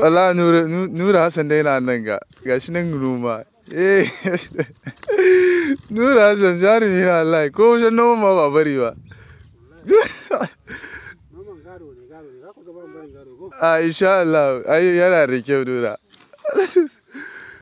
wala nura nura hassan dai na nan ga gashi nan ruma eh nura hassan jarumi na Allah ko wajen noman ma ba bari ba a ah, insha Allah ai yana da kyau nura